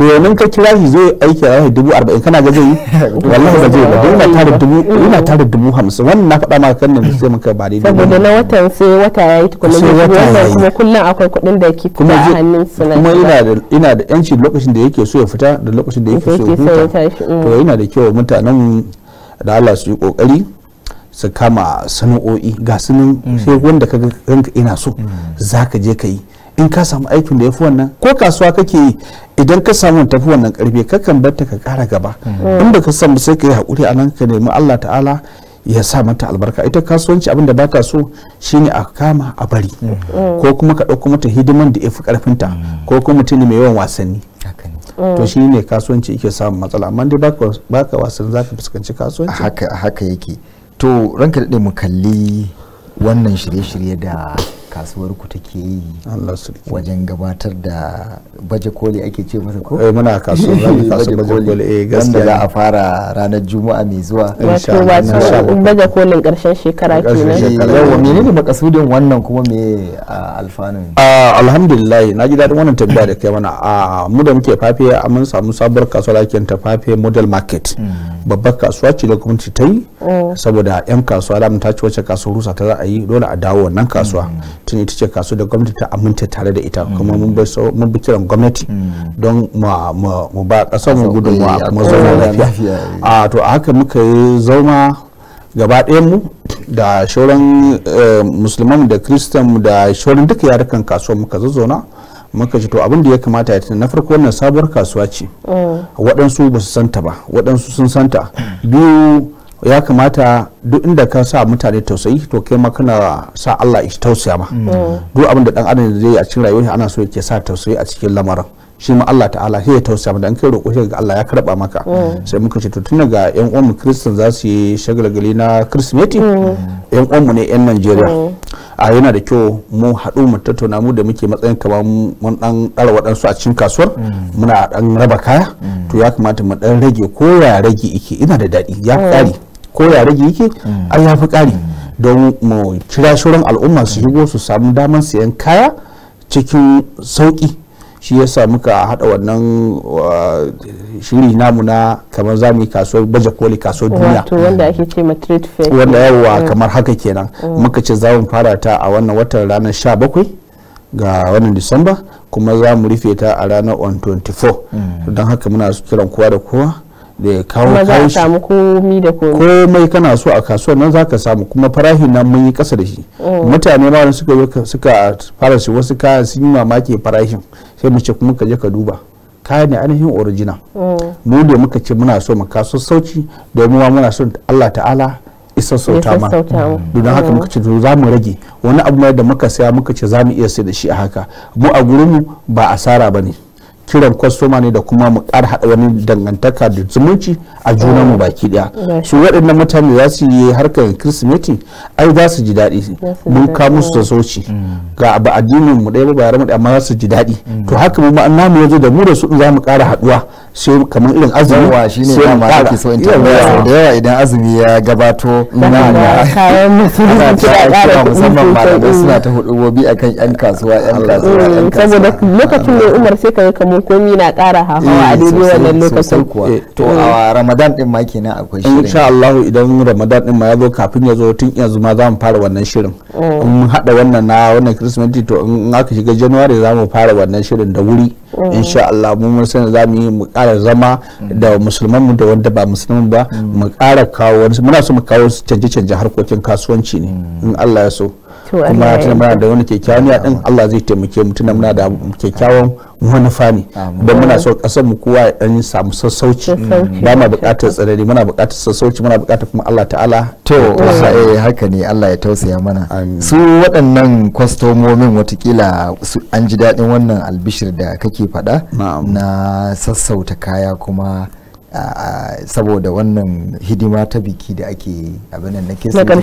yanzu ka kira shi zai aiki a dubu arba'in kana ga zai wallahi ba zai ba don ina tare dubu mm. ina tare dubu hamsin wannan na faɗa maka kannan sai muka ba dai. saboda na watan sai wata ya yi sai wata ya kuma kullum akwai kuɗin da yake kuma a hannun suna kuma ina da ina da yanci lokacin da yake so ya fita da lokacin da yake so ya huta mm. to ina da kyau mutanen da Allah su yi kokari su kama sana'o'i ga sunan mm. sai wanda ka ranka ina so mm. za ka je ka yi in ka samu aikin da ya fi wannan ko kasuwa kake yi idan ka samu tafi wannan karfe kakan bar ta ka kara gaba mm. inda ka samu sai ka yi hakuri a nan ka nemi Allah ta'ala ya sa mata albarka ita kasuwanci abin da baka so shine a kama a bari ko kuma ka ɗauko mata hidiman da ya fi karfinta ko kuma mutum mai yawan wasanni to shine kasuwanci yake samun matsala amma dai baka wasan zaka fuskanci kasuwanci haka haka yake to ranka daɗe mu kalli wannan shirye-shirye da kasuwar ku take yi wajen gabatar da baje koli ake ce masa ko eh muna kasuwar baje koli eh gaskiya wanda za a fara ranar juma'a mai zuwa Allah wato baje kolin karshen shekara kenan eh, yawa menene makasudin wannan kuma me alfanun ah, alhamdulillah na ji dadin wannan tambaya da kai mana ah, mu da muke fafe mun samu sabuwar kasuwar ake ta fafe model market hmm. babbar kasuwa ce da gwamnati ta yi oh. saboda yan kasuwa da mun taci wacce kasuwar rusa ta za a yi dole a dawo wannan kasuwa hmm. tun ita ce kasu da gwamnati ta aminta tare da ita kuma mun bai bi kiran gwamnati mm. don mu ba kasar mu gudunmuwa kuma zauna lafiya a to a haka muka yi zauma gaba mu da shauran eh, musulman da kristan da shauran duka yarukan kasuwa muka zazzauna muka ji to abin da ya kamata ya na farko wannan sabuwar kasuwa ce oh. waɗansu ba su santa ba waɗansu sun santa biyu ya kamata duk inda ka sa mutane tausayi to kai ma kana sa Allah ya tausaya ma mm. oh. duk abin da dan adam zai yi a cikin rayuwa ana so yake sa tausayi a cikin lamarin shi ma Allah ta'ala sai ya tausaya ma dan kai roƙo shi ga Allah ya karba maka oh. sai muka ce to tun ga yan uwan mu kristan za su yi shagalgali na kirisimeti yan mm. uwan mu ne yan Najeriya oh. a yana da kyau mu haɗu mu tattauna mu da muke matsayin kamar mun ɗan ɗara waɗansu a cikin kasuwar mm. muna ɗan raba kaya to ya kamata mu dan rage ko ya rage ike ina da daɗi ya ƙari ko ya rage yake mm. an ya fi ƙari mm. don mu kira sauran al'umma su shigo su samu damar sayan kaya cikin sauƙi shi yasa muka haɗa wannan uh, shiri namu na kamar za mu yi kasuwar baje koli kasuwar duniya wato wanda ake ce ma trade fair wanda yawa mm. kamar haka kenan muka ce za mu fara ta a wannan watan ranar 17 ga wannan disamba kuma za mu rufe ta a ranar 24 don haka muna kiran kowa da kowa da ya kawo komai da komai kana so a kasuwar nan zaka samu kuma farahin nan mun yi kasa da shi mm. mutane ma suka suka fara shi wasu kaya sun yi mamaki farashin sai mu ce kuma ka je ka duba kayan ne ainihin original mm. mu da muka ce muna so mu kaso sauci domin ma muna son Allah ta'ala isa sauta ma don haka mm. muka ce za mu rage wani abu mai da muka saya muka ce za mu iya sai da shi a haka mu a gurin mu ba asara ba ne kiran kwastoma ne da kuma mu ƙara haɗa wani dangantaka da zumunci a juna mu mm. baki daya su waɗannan mutane za su yi harkar kirsimeti ai za su ji daɗi mun ka musu da mm. soci ga ba addinin mu ɗaya ba ba mu amma za su ji daɗi mm. to haka mu ma'ana mu yanzu da mu da su za mu ƙara haɗuwa sai kamar irin azumi sai mu ƙara so in da yawa idan azumi ya gabato na na musamman malamai suna ta hudu gobi akan yan kasuwa yan kasuwa yan kasuwa saboda lokacin da Umar sai ka kamar samu komi na ƙara hawa a eh, daidai wannan lokacin eh, to a eh. ramadan din ma kenan akwai shirin insha Allah idan ramadan din ma ya zo kafin ya zo tun yanzu ma za mu fara wannan shirin in hada wannan na wannan christmas to in aka shiga january za mu fara wannan shirin da wuri insha Allah mun mun sani za mu yi mu ƙara zama mm. da musulman mu da wanda ba musulman ba mm. mu ƙara kawo wani muna so mu kawo canje-canje harkokin kasuwanci ne mm. in Allah ya so kuma tana da wani kyakkyawan ya Allah zai taimake mu tana muna da kyakkyawan manufa ne don muna so kasar mu kowa ya samu sassauci ba ma bukatar tsirari muna bukatar sassauci muna bukatar kuma Allah ta'ala to eh haka ne Allah ya tausaya mana su waɗannan kwastomomin watakila an ji daɗin wannan albishir da kake faɗa na sassauta kaya kuma saboda wannan hidima ta biki da ake abin na kesa da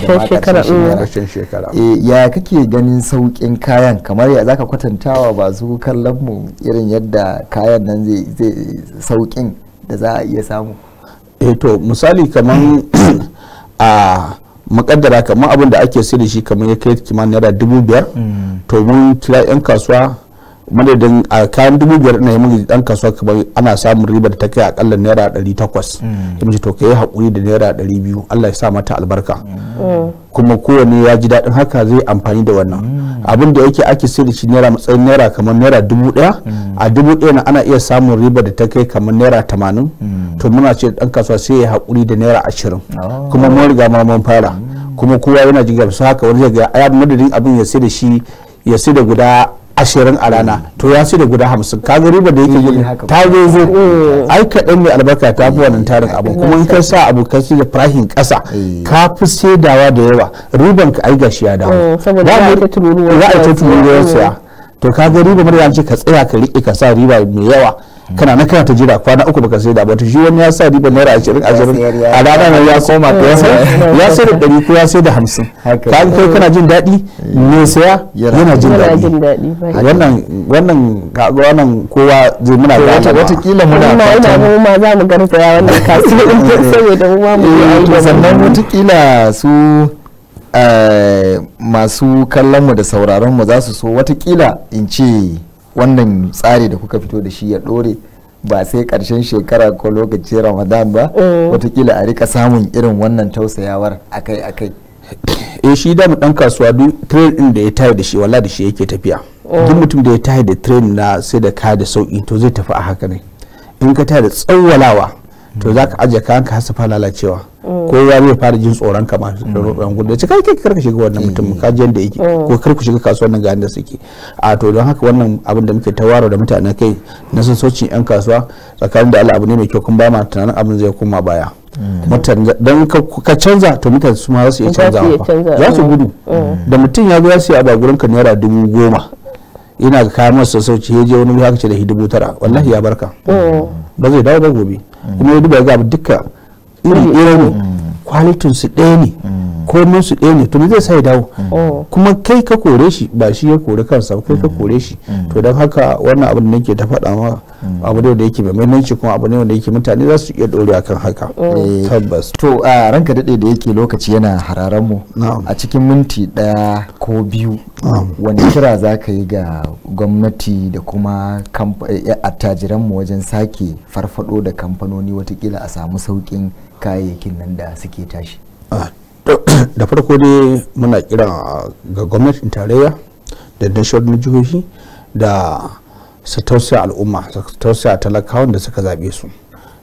shekara mm. eh, ya kake ganin saukin kayan kamar ya zaka kwatantawa ba su kallon mu irin yadda kayan nan zai saukin da za a iya samu eh to misali kamar a makaddara kamar abin da ake sayar da shi kamar ya kai kimanin naira dubu biyar mm. to mun cila yan kasuwa madadin a kayan dubu biyar na yamin dan kasuwa kamar ana samun riba da ta kai akalla naira ɗari takwas hmm. ya mace to ka yi haƙuri da naira ɗari biyu allah ya sa mata albarka hmm. Hmm. kuma kowane ya ji daɗin haka zai amfani da wannan abin da yake ake sai da shi naira matsayin naira kamar naira dubu ɗaya a dubu ɗaya na ana iya samun riba da ta kai kamar naira tamanin to muna ce dan kasuwa sai ya haƙuri da naira ashirin oh. kuma mun riga ma mun fara kuma kowa yana jigar su haka wani zai ga madadin abin ya sai da shi ya sai da guda ashirin a rana to ya da guda hamsin kaga riba da yake yi ta zo zo eh. ai kaɗan mai albarka ta fi wannan tarin abu kuma in ka sa abu ka da farahin ƙasa eh. ka fi saidawa da yawa riban ka ai gashi ya dawo eh, za a ta tunanin saya to kaga riba mara yanci ka tsaya ka riƙe ka sa riba mai yawa kana na kana ta jira kwana uku baka sai da ba to shi wani ya sa riba naira 20 20 a ranar ya koma ka ya sai da ɗari ko ya sai da 50 ka kai kana jin daɗi ne saya yana jin daɗi wannan wannan wannan kowa zai muna ga wata kila muna ma ina mu ma za mu ya wannan kasuwancin saboda mu ma mu yi eh, sannan wata kila su eh, masu kallon mu da sauraron mu za su so watakila in ce wannan tsari da kuka fito da shi ya ɗore ba sai karshen shekara ko lokacin ramadan ba eh. watakila a rika samun irin wannan tausayawar akai-akai eh shi da dan kasuwa duk trade din da ya tayi da shi walla da shi yake tafiya oh. duk mutum da ya tayi da trade na sai da ka da sauki to zai tafi a haka ne in ka tayi da tsawwalawa to hmm. zaka aje kayan ka hasafa lalacewa Ko ya zai fara jin tsoron kama mm. roƙon gudu ce kai kai karka shiga wannan mutum mm. ka je yadda yake mm. ko kar ku shiga nan ga da suke a to don haka wannan abin da muke tawaro da mutane kai na soci yan kasuwa tsakanin da Allah abu ne mai kyau kun ba ma tunanin abin zai koma baya mutane don ka canza to mutane su ma za su iya canza za su gudu da mutum ya zo ya siya ba gurin ka naira dubu goma ina ga kayan masa sassauci ya je wani haka ce da hidibu tara wallahi ya barka ba zai dawo ba gobe kuma ya duba ya ga duka irin ɗaya mm. ne mm. kwalitin su ɗaya ne mm. komin su ɗaya ne to zai sa dawo oh. kuma kai ka kore shi ba shi ya kore kansa kai ka kore shi to don haka wannan abin da ke ta faɗa ma abu da yake mai muhimmanci kuma abu ne da yake mutane za su iya ɗore akan haka oh. eh, tabbas to a ranka daɗe da yake lokaci yana hararen mu a cikin minti ɗaya ko biyu wani kira za ka yi ga gwamnati da kuma eh, attajiran mu wajen sake farfado da kamfanoni watakila a samu saukin. kayayyakin nan da suke tashi da farko dai muna kira ga gwamnatin tarayya da dashar na jihohi da su tausaya al'umma su tausaya talakawan da suka zaɓe su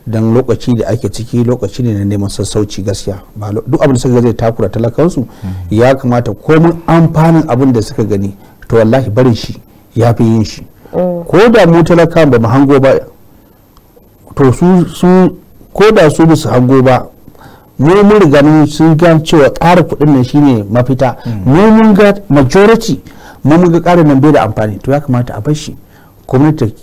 don lokaci da ake ciki lokaci ne na neman sassauci gaskiya duk abin da suka zai takura talakansu mm-hmm. ya kamata komin amfanin abin da suka gani to wallahi barin shi ya fi yin shi mm. ko da mu talakawan ba mu hango ba to su ko da su basu hango ba mu mun riga mun sun gan cewa ƙara kuɗin nan shine mafita mu mun ga majority mu mun ga karin nan bai da amfani to ya kamata a bashi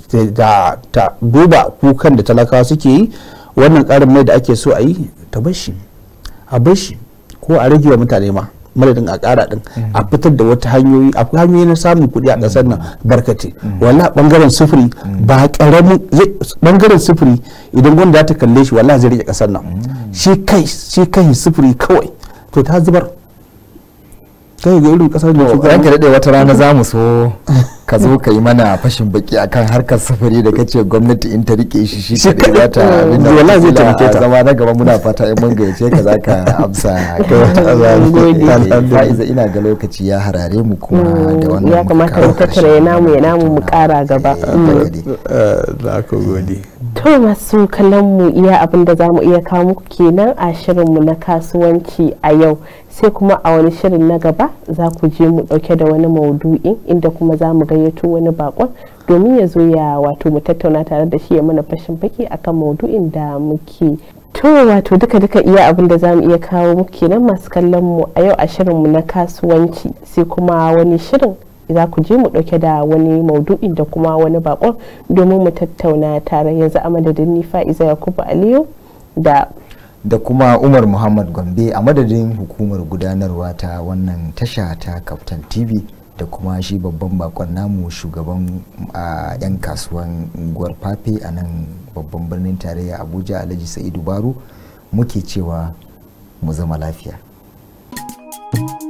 shi da ta duba kukan da talakawa suke yi wannan karin mai da ake so a yi ta bashi a bashi ko a rage wa mutane ma madadin a kara din a fitar da wata hanyoyi akwai hanyoyi na samun kuɗi a ƙasar nan barkace wala bangaren sufuri ba karamin bangaren sufuri idan gwamnati ta kalle shi wala zai rike ƙasar nan shi kai shi kai sufuri kawai to ta zubar kai ga irin ƙasar da ta daɗe wata rana za mu so ka zo ka yi mana fashin baki akan harkar safari da kace gwamnati in ta rike shi shi kadai za ta abinda wallahi zai taimake ta zama na gaba muna fata in mun gayyace ka zaka amsa fa'iza ina ga lokaci ya harare mu kuma hmm, da wannan ya kamata mu tattara ya namu ya namu mu kara gaba hmm. eh, za ku gode to masu kallon mu iya abin da za mu iya kawo muku kenan a shirinmu na kasuwanci a yau sai kuma a wani shirin na gaba za ku je mu dauke da wani maudu'i inda kuma za mu gayyato wani bakon domin ya zo ya wato mu tattauna tare da shi ya mana fashin baki akan maudu'in da muke to wato duka duka iya abin da mu iya kawo muku kenan masu kallon mu a yau a shirinmu na kasuwanci sai kuma wani shirin za ku je mu ɗauke da wani maudu'in da kuma wani bakon domin mu tattauna tare yanzu a madadin ni fa'iza yakubu aliyu da da kuma umar muhammad gombe a madadin hukumar gudanarwa ta wannan tasha ta captain tv da kuma shi babban bakon namu shugaban a 'yan kasuwan unguwar fafe a nan babban birnin tarayya abuja alhaji sa'idu baru muke cewa mu zama lafiya thank you